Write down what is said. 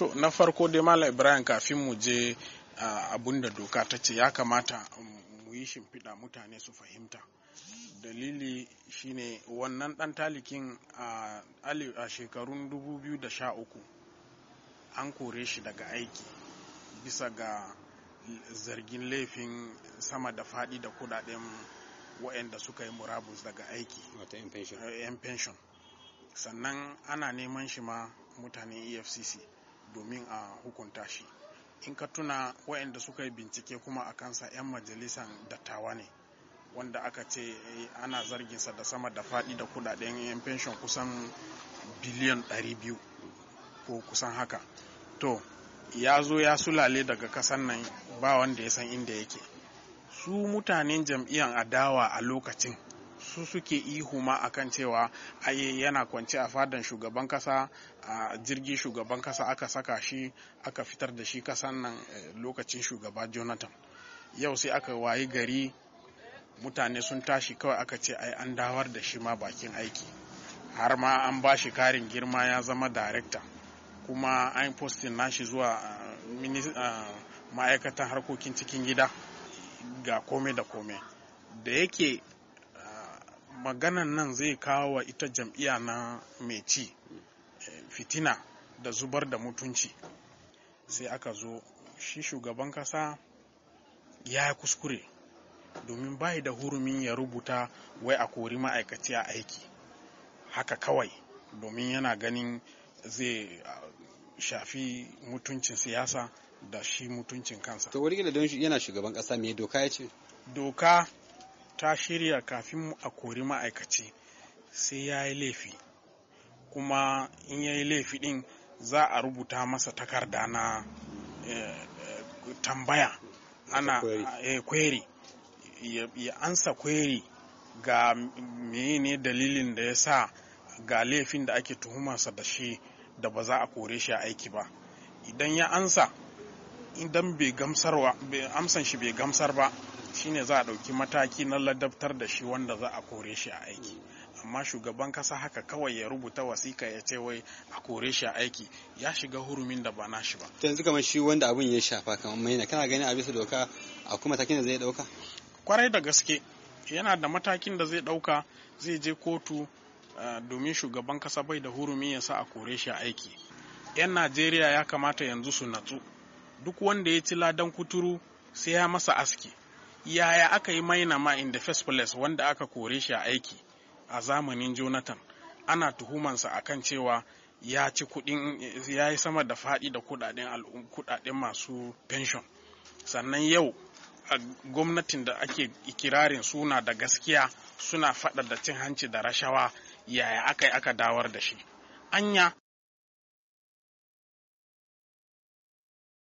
to na farko dai mala ibrahim kafin mu je abun da doka ta ce ya kamata mu yi shimfiɗa mutane su fahimta dalili shine wannan ɗan talikin a shekarun 2013 an kore shi daga aiki bisa ga zargin laifin sama da faɗi da kudaden waɗanda suka yi murabus daga aiki wata eh, pension sannan ana neman shi ma mutanen efcc domin a hukunta shi in ka tuna waɗanda suka yi bincike kuma a kansa 'yan majalisan dattawa ne wanda aka ce eh, ana zarginsa da sama da faɗi da kudaden 'yan fenshon kusan biliyan 200 ko kusan haka to ya zo ya sulale daga kasan nan ba wanda ya san inda yake su mutanen jam'iyyar adawa a lokacin su suke ihu ma kan cewa aye yana kwance a fadan shugaban kasa a jirgi shugaban kasa aka saka shi aka fitar da shi kasan nan eh, lokacin shugaba jonathan yau sai aka wayi gari mutane sun tashi kawai aka ce ai an dawar da shi ma bakin aiki har ma an ba shi karin girma ya zama darekta kuma an postin nashi zuwa eh, eh, ma'aikatan harkokin cikin gida ga kome da kome da yake maganan nan zai kawo wa ita jam'iyya na mai ci eh, fitina da zubar da mutunci sai aka zo shi shugaban kasa ya kuskure domin bai da hurumin ya rubuta wai a kori ma'aikaci a aiki haka kawai domin yana ganin zai shafi mutuncin siyasa da shi mutuncin kansa. To da don yana shugaban kasa me doka ya ce? Doka ta shirya kafin a kori ma'aikaci sai ya yi laifi kuma in ya yi laifi din za a rubuta masa takarda na eh, eh, tambaya ana kweri eh, ya ansa kweri ga menene dalilin da ya sa ga laifin da ake tuhumarsa da shi da ba za a kore shi a aiki ba idan ya ansa idan bai amsan shi bai gamsar ba shine za a ɗauki mataki na ladabtar da shi wanda za a kore shi a aiki amma shugaban kasa haka kawai ya rubuta wasika ya ce wai a kore shi a aiki ya shiga hurumin da ba na shi ba yanzu kamar shi wanda abin ya shafa kamar maina kana ganin a bisa doka kuma matakin da zai dauka kwarai da gaske yana da matakin da zai ɗauka zai je kotu eh, domin shugaban kasa bai da hurumin ya sa a kore shi a aiki 'yan najeriya ya kamata yanzu su natsu duk wanda ya ci ladan kuturu sai ya masa aski yaya aka yi mainama in the first place wanda aka kore shi a aiki a zamanin jonathan ana tuhumansa akan cewa ya ci kudin ya yi sama da faɗi da kudaden masu pension sannan yau a gwamnatin da ake ikirarin suna da gaskiya suna faɗa da cin hanci da rashawa yaya aka yi aka dawar da shi anya